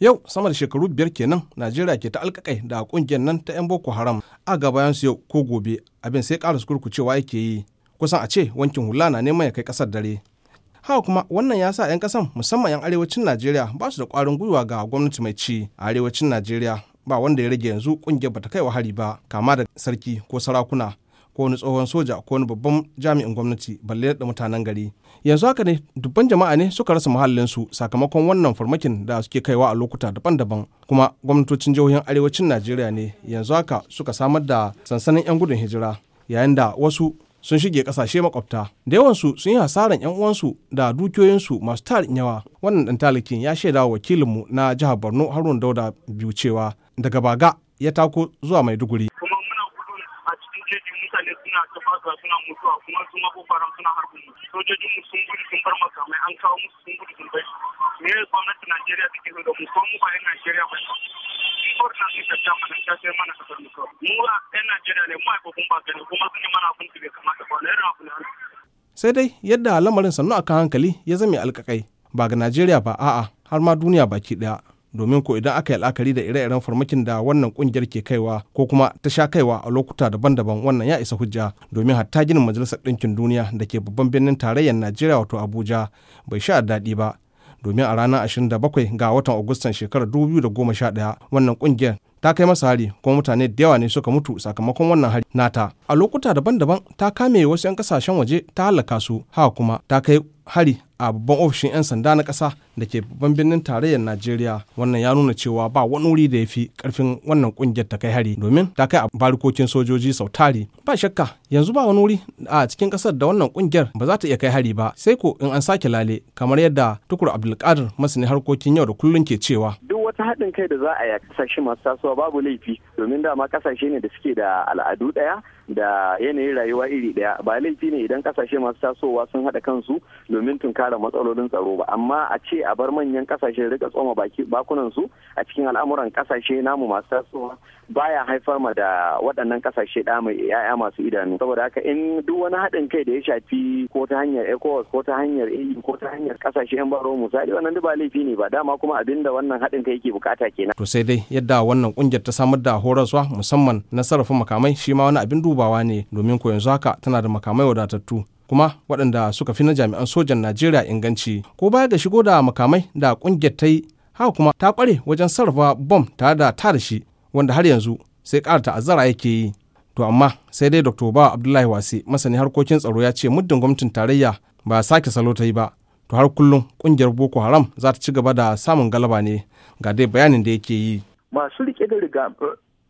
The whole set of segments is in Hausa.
yau sama da shekaru biyar kenan najeriya ke ta alkakai da kungiyar nan ta 'yan boko haram a bayan su yau ko gobe abin sai ƙara kurkucewa yake yi kusan a ce wankin hula na neman ya kai ƙasar dare haka kuma wannan ya sa 'yan ƙasan musamman 'yan arewacin najeriya ba su da kwarin gwiwa ga gwamnati mai ci a arewacin najeriya ba wanda ya rage yanzu kungiyar bata kai wahari ba kama da sarki ko sarakuna ko wani tsohon soja ko wani babban jami'in gwamnati balle da mutanen gari yanzu haka ne dubban jama'a ne suka rasa muhallinsu sakamakon wannan farmakin da suke kaiwa a lokuta daban-daban kuma gwamnatocin jihohin arewacin najeriya ne yanzu haka suka samar da sansanin 'yan gudun hijira yayin da wasu sun shige kasashe makwabta da yawansu sun yi hasaran yan uwansu da dukiyoyinsu masu tarin yawa wannan dan talakin ya shaida wa wakilinmu na jihar borno harun dauda biyu cewa daga baga ya tako zuwa maiduguri ka suna mutuwa kuma su ma suna harbin mu sojojin mu sun gudu sun bar makamai an kawo musu sun gudu sun bai me gwamnati Najeriya take so da mu ko mu ba yan Najeriya ba in ko na ne tafiya mana ta sai mana ka bar mu mu ba yan Najeriya ne mu aikokun ba gani kuma sun yi mana abin da bai kamata ba na irin abin sai dai yadda lamarin sannu akan hankali ya zame alkakai ba ga Najeriya ba a'a har ma duniya baki daya domin ko idan aka yi al'akari da ire-iren farmakin da wannan kungiyar ke kaiwa ko kuma ta sha kaiwa a lokuta daban-daban wannan ya isa hujja domin hatta ginin majalisar ɗinkin duniya da ke babban birnin tarayyar najeriya wato abuja bai sha daɗi ba domin a ranar 27 ga watan agustan shekarar 2011 wannan kungiyar ta kai masa hari kuma mutane da yawa ne suka mutu sakamakon wannan hari nata a lokuta daban-daban ta kame wasu 'yan kasashen waje ta halaka su haka kuma ta kai hari a babban ofishin 'yan sanda na ƙasa da ke babban birnin tarayyar najeriya wannan ya nuna cewa ba wani wuri da ya fi ƙarfin wannan ƙungiyar ta kai hari domin ta kai a barikokin sojoji sau tari ba shakka yanzu ba wani wuri a cikin ƙasar da wannan ƙungiyar ba za ta iya kai hari ba sai ko in an sake lale kamar yadda tukur abdulkadir masani harkokin yau da kullum ke cewa duk wata haɗin kai da za a yi a kasashe masu tasowa babu laifi domin dama kasashe ne da suke da al'adu ɗaya da yanayin rayuwa iri daya ba laifi ne idan kasashe masu tasowa sun haɗa kansu domin tunkara matsalolin tsaro ba amma a ce a bar manyan kasashe rika tsoma bakunan su a cikin al'amuran kasashe namu masu tasowa baya haifar ma da waɗannan kasashe da mai yaya masu idanu saboda haka in duk wani haɗin kai da ya shafi ko ta hanyar ECOWAS ko ta hanyar EU ko ta hanyar kasashe yan baro misali wannan duk ba laifi ne ba dama kuma abinda da wannan haɗin kai yake bukata kenan to sai dai yadda wannan kungiyar ta samar da horaswa musamman na sarrafa makamai shi ma wani abin duba dubawa ne domin ko yanzu haka tana da makamai wadatattu kuma waɗanda suka fi na jami'an sojan najeriya inganci ko baya ga shigo da makamai da ƙungiyar ta yi haka kuma ta ƙware wajen sarrafa bom tare da tada shi wanda har yanzu sai ƙara ta'azzara yake yi to amma sai dai dr bawa abdullahi wasi masani harkokin tsaro ya ce muddin gwamnatin tarayya ba sake salo ta yi ba to har kullum ƙungiyar boko haram za ta ci gaba da samun galaba ne ga dai bayanin da yake yi masu rike da riga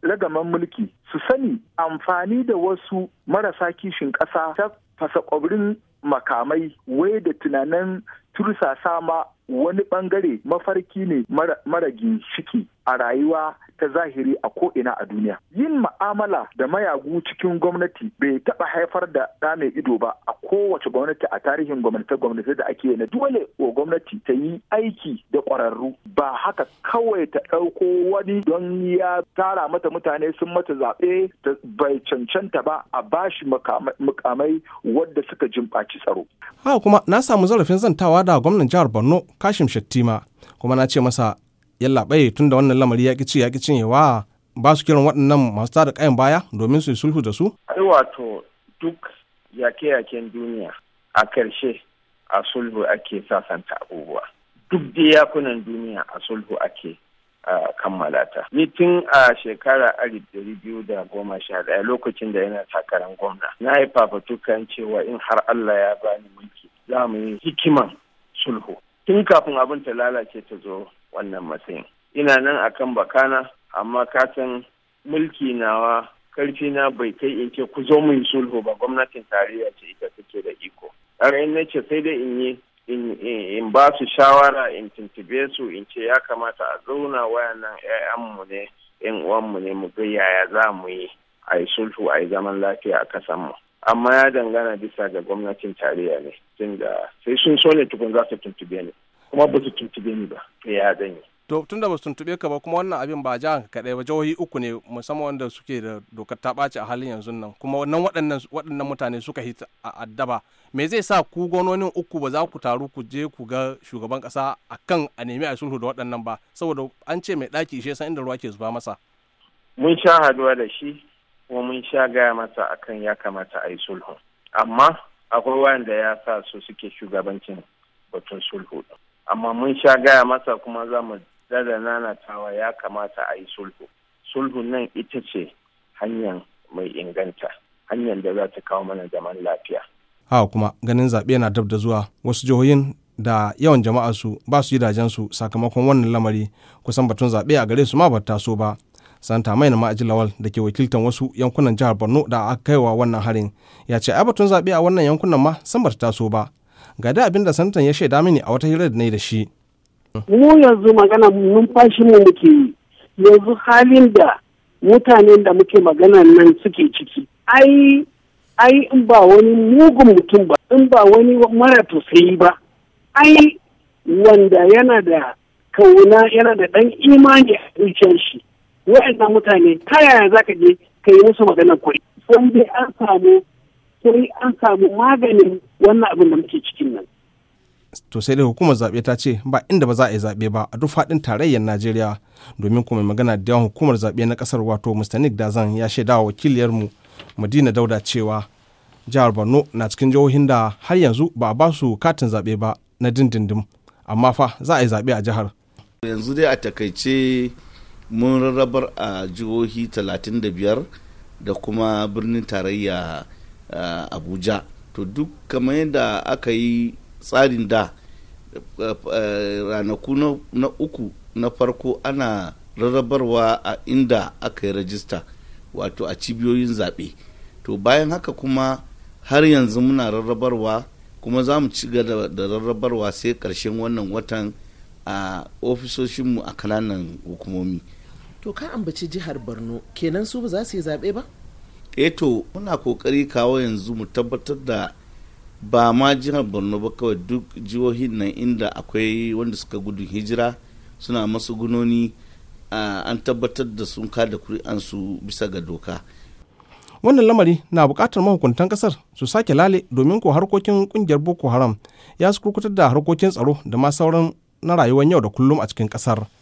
ragaman mulki su sani amfani da wasu marasa kishin ƙasa ta fasa ƙwabrin makamai wai da tunanin tursasa ma wani bangare mafarki ne mara, mara a rayuwa ta zahiri a ko'ina a duniya. Yin ma'amala da mayagu cikin gwamnati bai taɓa haifar da ɗa mai ido ba a kowace gwamnati a tarihin gwamnati-gwamnati da ake na dole wa gwamnati ta yi aiki da ƙwararru ba haka kawai ta ɗauko wani don ya tara mata mutane sun mata zaɓe bai cancanta ba a bashi mukamai wadda suka jimɓaci tsaro. Haka kuma na samu zarafin zantawa da gwamnan jihar Borno Kashim shattima kuma na ce masa yallaɓai tun da wannan lamari ya ci ya cinyewa ba su kiran waɗannan masu tada kayan baya domin su yi sulhu da su? Ai wato duk yake-yaken duniya a karshe a sulhu ake sasanta abubuwa. Duk da yakunan duniya a sulhu ake kammala ta. Ni tun a shekara alif dari biyu da goma sha ɗaya lokacin da yana takarar gwamna. Na yi fafatukan cewa in har Allah ya bani mulki za mu yi hikiman sulhu. tun kafin abin ta lalace ta zo wannan matsayin ina nan akan bakana amma katin mulki nawa karfi na bai kai in ce ku zo mu yi sulhu ba gwamnatin tarayya ce ita take da iko har in na ce sai dai in yi in ba su shawara in tuntube su in ce ya kamata a zauna wayannan 'ya'yanmu ne 'yan uwanmu ne mu ga yaya za mu yi a yi sulhu a yi zaman lafiya a kasanmu amma ya dangana bisa ga gwamnatin tarayya ne tun da sai sun so ne tukun za su tuntube ni kuma ba su tuntube ni ba to ya zan yi to tun da ba su tuntube ka ba kuma wannan abin ba jihar kaɗai kadai ba jihohi uku ne musamman wanda suke da dokar ta ɓaci a halin yanzu nan kuma nan waɗannan waɗannan mutane suka hita a addaba me zai sa ku gwamnonin uku ba za ku taru ku je ku ga shugaban ƙasa a kan a nemi a sulhu da waɗannan ba saboda an ce mai ɗaki ishe san inda ruwa ke zuba masa mun sha haduwa da shi kuma mun sha gaya masa akan ya kamata a yi sulhu amma akwai wanda ya sa su suke shugabancin batun sulhu amma mun sha gaya masa kuma za mu dada nanatawa ya kamata a yi sulhu sulhu nan ita ce hanyar mai inganta hanyar da za ta kawo mana zaman lafiya a kuma ganin zaɓe na dab da zuwa wasu jihohin da yawan jama'a su ba su yi su sakamakon wannan lamari kusan batun zaɓe a gare su ma ba taso ba santa mai na lawal da ke wakiltar wasu yankunan jihar borno da aka kaiwa wannan harin ya ce ai batun zaɓe a wannan yankunan ma san ba ta taso ba ga da abin da santan ya shaida mini a wata hirar da na da shi. mu yanzu magana numfashin mu muke yi yanzu halin da mutanen da muke magana nan suke ciki ai ai in ba wani mugun mutum ba in ba wani mara tausayi ba ai wanda yana da kauna yana da ɗan imani a zuciyar shi wa'annan mutane ta yaya za ka je ka yi musu maganar kuri sun dai an samu sai an samu maganin wannan abin da muke cikin nan. To sai dai hukumar zaɓe ta ce ba inda ba za a yi zaɓe ba a duk faɗin tarayyar Najeriya domin kuma magana da yawan hukumar zaɓe na ƙasar wato Mr. Nick Dazan ya shaida wa wakiliyarmu Madina Dauda cewa jihar Borno na cikin jihohin da har yanzu ba a basu katin zaɓe ba na dindindim amma fa za a yi zaɓe a jihar. Yanzu dai a takaice mun rarrabar a jihohi 35 da kuma birnin tarayya abuja to duk kamar yadda aka yi tsarin da ranaku na uku na farko ana rarrabarwa a inda aka yi rajista wato a cibiyoyin zaɓe to bayan haka kuma har yanzu muna rarrabarwa kuma za mu ci gaba da rarrabarwa sai ƙarshen wannan watan a ofisoshinmu a kananan hukumomi. to ka ambaci jihar borno kenan su ba za su yi zaɓe ba eh to muna kokari kawo yanzu mu tabbatar da ba ma jihar borno ba kawai duk jihohin nan inda akwai wanda suka gudu hijira suna masu gunoni an tabbatar da sun kada kuri'ansu bisa ga doka wannan lamari na bukatar mahukuntan kasar su sake lale domin ko harkokin kungiyar boko haram ya su kurkutar da harkokin tsaro da ma sauran na rayuwar yau da kullum a cikin kasar